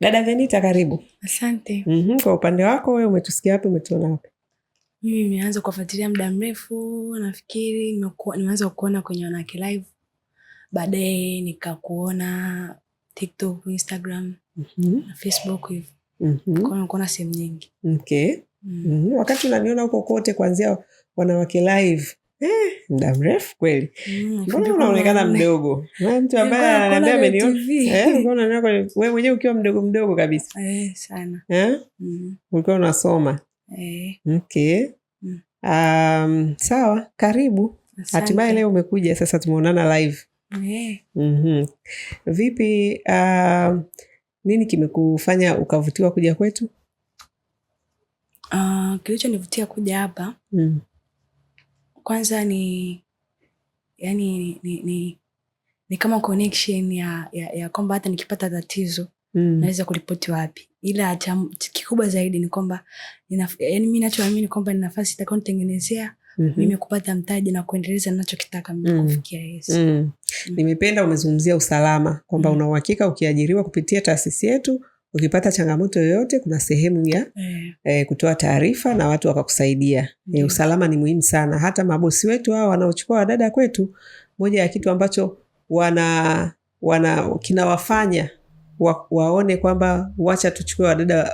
Dada Venita, karibu. Asante. mm -hmm. Kwa upande wako wewe umetusikia wapi, umetuona wapi? Mimi nimeanza kuwafuatilia muda mrefu, nafikiri nimeanza kuona kwenye Wanawake Live, baadaye nikakuona TikTok, Instagram mm -hmm. na Facebook hivo mhm. mm -hmm. kuona sehemu nyingi okay. mm -hmm. Wakati unaniona huko kote kuanzia Wanawake Live Eh, muda mrefu kweli, mm, eh, mbona unaonekana mdogo? Mtu ambaye ananiambia wewe mwenyewe ukiwa mdogo mdogo kabisa eh, mm. ulikuwa ukiwa unasoma. Okay, mm. sawa, karibu. Hatimaye leo umekuja, sasa tumeonana live. Mhm. Vipi, nini kimekufanya ukavutiwa kuja kwetu? Ah, kilichonivutia kuja hapa mm kwanza ni yani ni, ni, ni kama connection ya, ya, ya kwamba hata nikipata tatizo mm. naweza kuripoti wapi, ila kikubwa zaidi ni kwamba yani mi nachoamini kwamba ni nafasi itakaonitengenezea Mm -hmm. Mimi kupata mtaji na kuendeleza nachokitaka mimi kufikia Yesu. mm. mm. Nimependa umezungumzia usalama kwamba mm. unauhakika ukiajiriwa kupitia taasisi yetu ukipata changamoto yoyote, kuna sehemu ya yeah. eh, kutoa taarifa na watu wakakusaidia yeah. Eh, mm. usalama ni muhimu sana. Hata mabosi wetu hao wanaochukua wadada kwetu, moja ya kitu ambacho wana, wana kinawafanya wa, waone kwamba wacha tuchukue wadada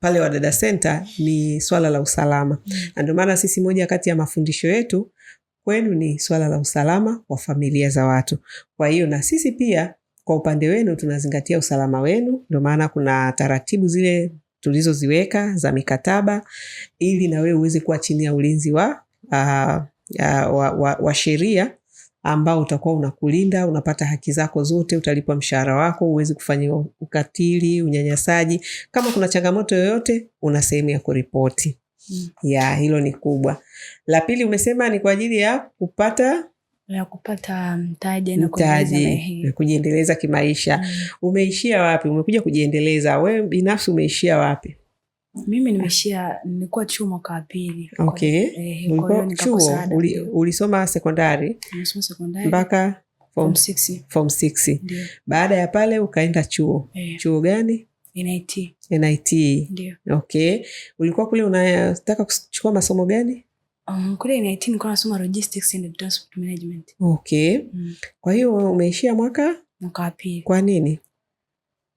pale Wadada Center ni swala la usalama mm. na Ndio maana sisi moja kati ya mafundisho yetu kwenu ni swala la usalama wa familia za watu. Kwa hiyo na sisi pia kwa upande wenu tunazingatia usalama wenu, ndio maana kuna taratibu zile tulizoziweka za mikataba, ili na wewe uweze kuwa chini ya ulinzi wa, uh, uh, wa, wa, wa sheria ambao utakuwa unakulinda, unapata haki zako zote, utalipwa mshahara wako, uwezi kufanyiwa ukatili, unyanyasaji. Kama kuna changamoto yoyote, una sehemu ya kuripoti. Hmm. Ya hilo ni kubwa. La pili umesema ni kwa ajili ya kupata ya kupata mtaji na mtaji na kujiendeleza kimaisha. Mm. Umeishia wapi? Umekuja kujiendeleza wewe binafsi umeishia wapi? Mimi nimeishia nilikuwa chuo mwaka wa pili. Okay. Eh, chuo uli, ulisoma Nilisoma sekondari mpaka form 6. Form 6. Baada ya pale ukaenda chuo. Eh. Chuo gani? NIT. NIT. Ndio. Okay. Ulikuwa kule unataka kuchukua masomo gani? Um, kule NIT nilikuwa nasoma logistics and transport management. Okay. Mm. Kwa hiyo umeishia mwaka mwaka wa pili. Kwa nini?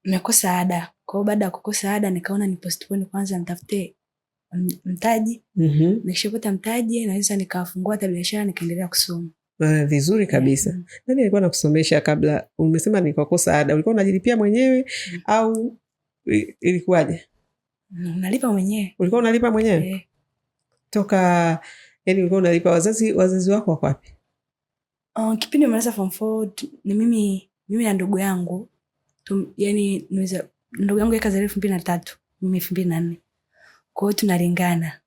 Nimekosa ada. Kwa hiyo baada ya kukosa ada nikaona ni postpone kwanza nitafute um, mtaji. Mhm. Mm Nikishapata mtaji naweza nikafungua hata biashara nikaendelea kusoma. Uh, vizuri kabisa. Mm Nani alikuwa nakusomesha kabla? Umesema nikakosa ada. Ulikuwa unajilipia mwenyewe mm au ilikuwaje? Unalipa mwenyewe. Ulikuwa unalipa mwenyewe? Eh toka yani ulikuwa unalipa wazazi wazazi wako wako wapi? Uh, kipindi nimaliza form four ni mimi mimi na ndugu yangu tum, yani niweza ndugu yangu yakazaliwa elfu mbili na tatu mimi elfu mbili na nne kwa hiyo tunalingana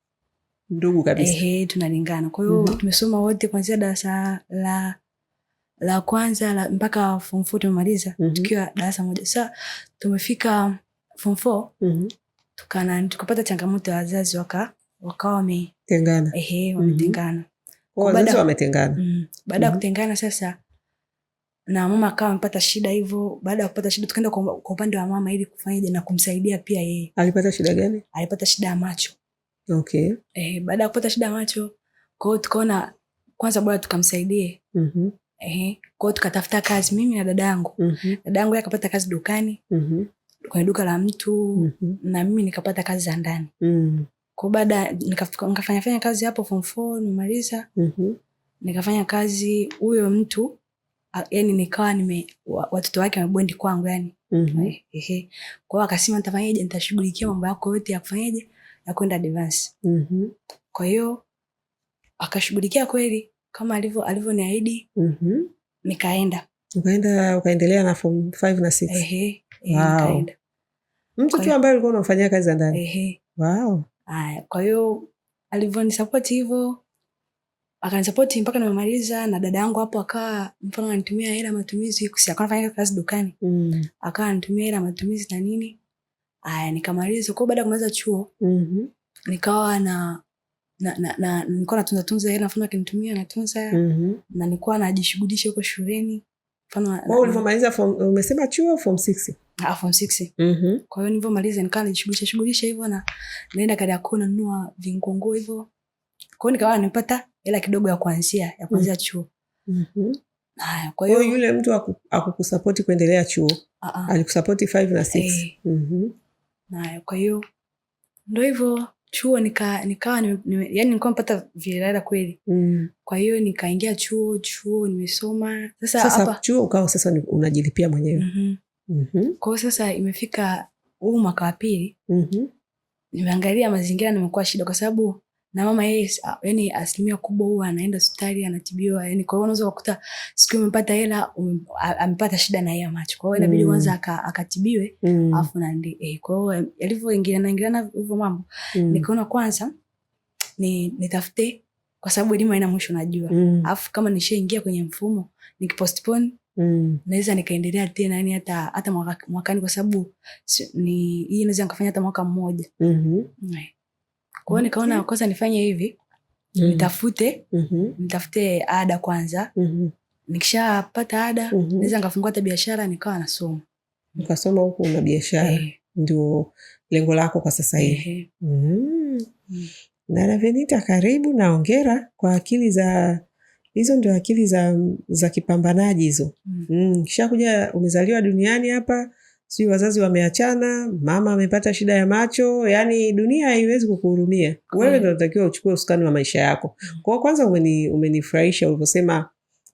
ndugu kabisa. Ehe, tunalingana. Kwa hiyo mm -hmm. tumesoma wote kuanzia darasa la la kwanza la, mpaka form 4 tumemaliza mm -hmm. tukiwa darasa moja. Sa tumefika form 4 mm -hmm. tukana tukapata changamoto ya wazazi waka wakawa wametengana, ehe, wametengana. Mhm. Wazazi wametengana. Mm. Baada ya mhm. kutengana sasa na mama akawa amepata shida hivyo. Baada ya kupata shida, tukaenda kwa upande wa mama ili kufanyaje na kumsaidia pia yeye. Alipata shida gani? Alipata shida ya macho. Okay. Eh, baada ya kupata shida ya macho, kwao tukaona kwanza bora tukamsaidie. Mhm. Eh, kwao tukatafuta kazi mimi na dadangu. Mm-hmm. Dada yangu mhm. akapata kazi dukani. Mhm. Kwenye duka la mtu mm -hmm. na mimi nikapata kazi za ndani. Mm. Kwa baada nikafanya fanya kazi hapo form four nimaliza. mm -hmm. Nikafanya kazi huyo mtu yani nikawa nime watoto wake wamebwendi kwangu yani. mm Kwa hiyo akasema nitafanyaje, nitashughulikia mambo yako yote ya kufanyaje ya kwenda advance. Mm-hmm. Kwa hiyo akashughulikia kweli kama alivyo alivyoniahidi. mm Nikaenda ukaenda ukaendelea na form 5 na 6. Ehe. Wow. mtu tu ambaye ulikuwa unamfanyia kazi za ndani. Ehe. Wow. Haya, kwa hiyo alivyonisapoti hivyo akanisapoti mpaka nimemaliza, na dada yangu hapo akawa mfano anitumia hela matumizi, akawa anafanya kazi dukani mm. akawa anitumia hela matumizi na nini. Aya, nikamaliza kwao. Baada ya kumaliza chuo mm -hmm. nikawa na na, na, na nilikuwa natunza tunza hela, mfano akinitumia natunza mm -hmm. na nilikuwa najishughulisha huko shuleni. Mfano ulivyomaliza, umesema chuo form 6 form mhm. six. Kwa hiyo nikawa shughulisha hivyo na naenda nanunua hivyo. nikawa nimepata hela kidogo ya kuanzia ya kuanzia mm. chuo. Mhm. kwa hiyo yule mtu akukusapoti kuendelea chuo. Alikusapoti five na 6. Eh. Mhm. Hey. kwa hiyo hivyo chuo nikawa yani kweli. Mm. Kwa hiyo nikaingia chuo, chuo nimesoma. Sasa, sasa chuo ukawa sasa unajilipia mwenyewe mm -hmm. Kwa hiyo sasa imefika huu mwaka wa pili mm -hmm. Nimeangalia mazingira, nimekuwa shida kwa sababu na mama yeye, yani asilimia kubwa huwa anaenda hospitali anatibiwa, yani kwa hiyo unaweza kukuta siku umepata hela um, amepata shida na yeye macho, kwa hiyo inabidi mm. kwanza mm. akatibiwe mm. afu na ndi eh, kwa hiyo yalivyoingia na ingiliana hivyo mambo mm. nikaona kwanza ni nitafute, kwa sababu elimu haina mwisho, najua mm. afu kama nishaingia kwenye mfumo nikipostpone Mm. Naweza nikaendelea tena yani hata hata mwakani kwa sababu ni hii naweza nikafanya hata mwaka mmoja. Mhm. Kwa hiyo nikaona kwanza nifanye hivi. Mm. -hmm. Nitafute, mm -hmm. Nitafute ada kwanza. Mm -hmm. Nikishapata ada, mm -hmm. Naweza nikafungua hata biashara nikawa nasoma. Nikasoma huku na biashara. Hey. Eh. Ndio lengo lako kwa sasa hivi. Hey. Mm-hmm. Mm. Mm. -hmm. Dada Venita, karibu na hongera kwa akili za hizo ndio akili za, za kipambanaji hizo mm. Mm, kisha kuja umezaliwa duniani hapa, sijui wazazi wameachana, mama amepata shida ya macho, yani dunia haiwezi kukuhurumia wewe, mm. ndio unatakiwa uchukue usukani wa maisha yako. Mm. Kwao kwanza umeni, umenifurahisha ulivyosema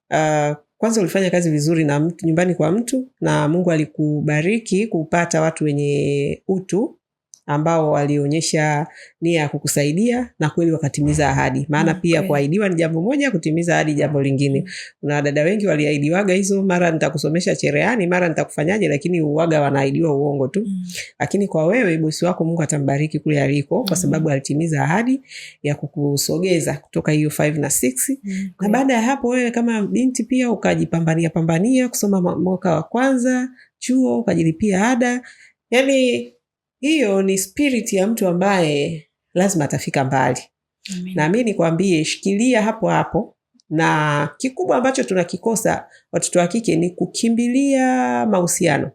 uh, kwanza ulifanya kazi vizuri na mtu, nyumbani kwa mtu na Mungu alikubariki kupata watu wenye utu ambao walionyesha nia ya kukusaidia na kweli wakatimiza ahadi. Maana okay. pia kuahidiwa ni jambo moja, kutimiza ahadi jambo lingine. Kuna wadada wengi waliahidiwaga hizo, mara nitakusomesha cherehani, mara nitakufanyaje, lakini uwaga wanaahidiwa uongo tu mm. Lakini kwa wewe bosi wako Mungu atambariki kule aliko, kwa mm. sababu alitimiza ahadi ya kukusogeza kutoka hiyo 5 na 6 mm. na baada ya hapo wewe kama binti pia ukajipambania pambania kusoma mwaka wa kwanza chuo ukajilipia ada, yani hiyo ni spirit ya mtu ambaye lazima atafika mbali. Na mi nikwambie, shikilia hapo hapo, na kikubwa ambacho tunakikosa watoto wa kike ni kukimbilia mahusiano,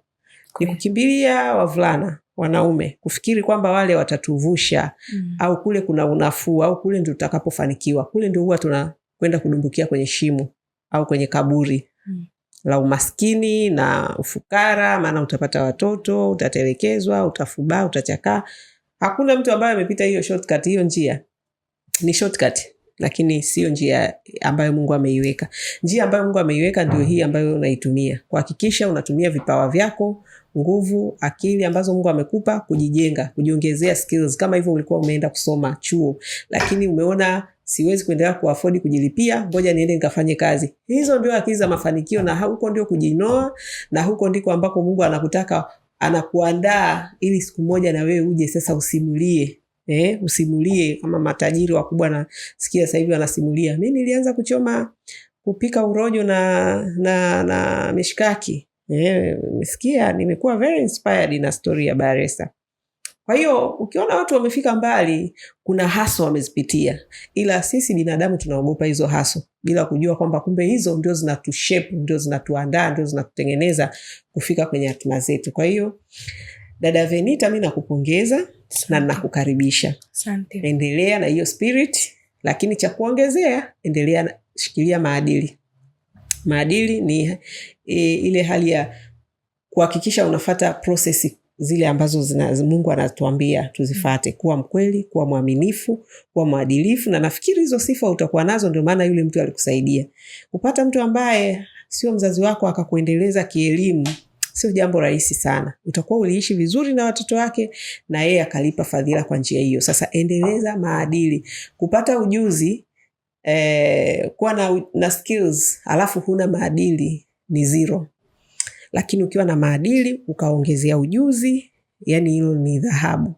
ni kukimbilia wavulana wanaume kufikiri kwamba wale watatuvusha mm. au kule kuna unafuu au kule ndio tutakapofanikiwa. Kule ndio huwa tunakwenda kudumbukia kwenye shimo au kwenye kaburi mm la umaskini na ufukara, maana utapata watoto, utatelekezwa, utafubaa, utachakaa. Hakuna mtu ambaye amepita hiyo shortcut. Hiyo njia ni shortcut, lakini siyo njia ambayo Mungu ameiweka. Njia ambayo Mungu ameiweka ndio hii ambayo unaitumia kuhakikisha unatumia vipawa vyako, nguvu, akili ambazo Mungu amekupa kujijenga, kujiongezea skills. Kama hivyo ulikuwa umeenda kusoma chuo, lakini umeona siwezi kuendelea kuafodi kujilipia, ngoja niende nikafanye kazi. Hizo ndio akili za mafanikio, na huko ndio kujinoa, na huko ndiko ambako Mungu anakutaka anakuandaa, ili siku moja na wewe uje sasa usimulie Eh, usimulie kama matajiri wakubwa. na sikia sasa hivi wanasimulia, mimi nilianza kuchoma kupika urojo na, na, na mishikaki Eh, mesikia nimekuwa very inspired na story ya Baresa. Kwa hiyo ukiona watu wamefika mbali, kuna haso wamezipitia, ila sisi binadamu tunaogopa hizo haso bila kujua kwamba kumbe hizo ndio zinatushape, ndio zinatuandaa, ndio zinatutengeneza kufika kwenye hatima zetu. Kwa hiyo dada Venita, mi nakupongeza na nakukaribisha, endelea na hiyo spirit, lakini cha kuongezea, endelea na, shikilia maadili. Maadili ni e, ile hali ya kuhakikisha unafata prosesi zile ambazo zina, Mungu anatuambia tuzifate, mm. kuwa mkweli, kuwa mwaminifu, kuwa mwadilifu, na nafikiri hizo sifa utakuwa nazo. Ndio maana yule mtu alikusaidia. Kupata mtu ambaye sio mzazi wako akakuendeleza kielimu sio jambo rahisi sana. Utakuwa uliishi vizuri na watoto wake na yeye akalipa fadhila kwa njia hiyo. Sasa endeleza maadili, kupata ujuzi eh, kuwa na, na skills alafu huna maadili ni zero lakini ukiwa na maadili ukaongezea ujuzi, yani hilo ni dhahabu.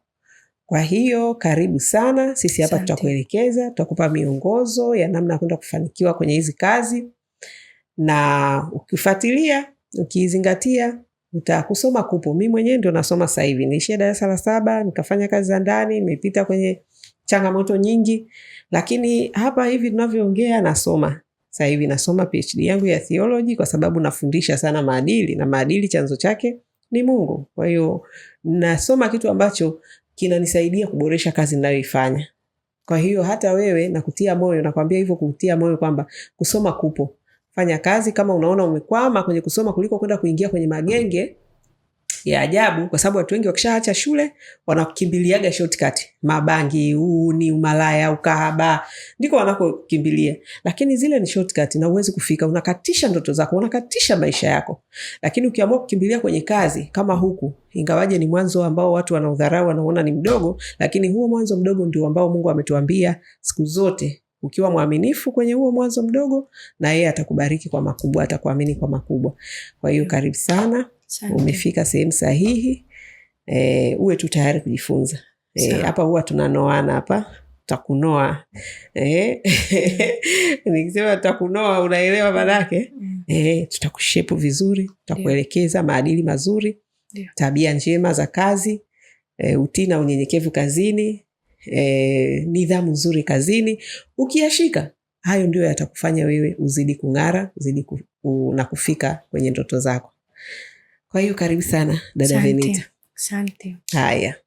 Kwa hiyo karibu sana, sisi hapa tutakuelekeza, tutakupa miongozo ya namna ya kwenda kufanikiwa kwenye hizi kazi, na ukifuatilia, ukizingatia utakusoma kupo. Mi mwenyewe ndio nasoma sasa hivi, niishia darasa la saba, nikafanya kazi za ndani, nimepita kwenye changamoto nyingi, lakini hapa hivi tunavyoongea nasoma sasa hivi nasoma PhD yangu ya theology kwa sababu nafundisha sana maadili na maadili chanzo chake ni Mungu. Kwa hiyo nasoma kitu ambacho kinanisaidia kuboresha kazi ninayoifanya. Kwa hiyo hata wewe nakutia moyo, nakwambia hivyo kutia moyo kwamba kusoma kupo. Fanya kazi kama unaona umekwama kwenye kusoma kuliko kwenda kuingia kwenye magenge ya ajabu, kwa sababu watu wengi wakishaacha shule wanakimbiliaga shortcut, mabangi, uuni, umalaya, ukahaba, ndiko wanakokimbilia. Lakini zile ni shortcut na uwezi kufika, unakatisha ndoto zako, unakatisha maisha yako. Lakini ukiamua kukimbilia kwenye kazi kama huku, ingawaje ni mwanzo ambao watu wanaudharau, wanaona ni mdogo, lakini huo mwanzo mdogo ndio ambao Mungu ametuambia siku zote ukiwa mwaminifu kwenye huo mwanzo mdogo, na yeye atakubariki kwa makubwa, atakuamini kwa makubwa. Kwa hiyo karibu sana. Umefika sehemu sahihi e, uwe tu tayari kujifunza eh, hapa e, huwa tunanoana hapa takunoa e, eh, nikisema takunoa unaelewa manake mm. e, tutakushepu vizuri tutakuelekeza maadili mazuri Dio. tabia njema za kazi e, utii na unyenyekevu kazini e, nidhamu nzuri kazini ukiyashika hayo ndio yatakufanya wewe uzidi kung'ara uzidi ku, u, na kufika kwenye ndoto zako kwa hiyo karibu sana dada Venita. Asante. Haya.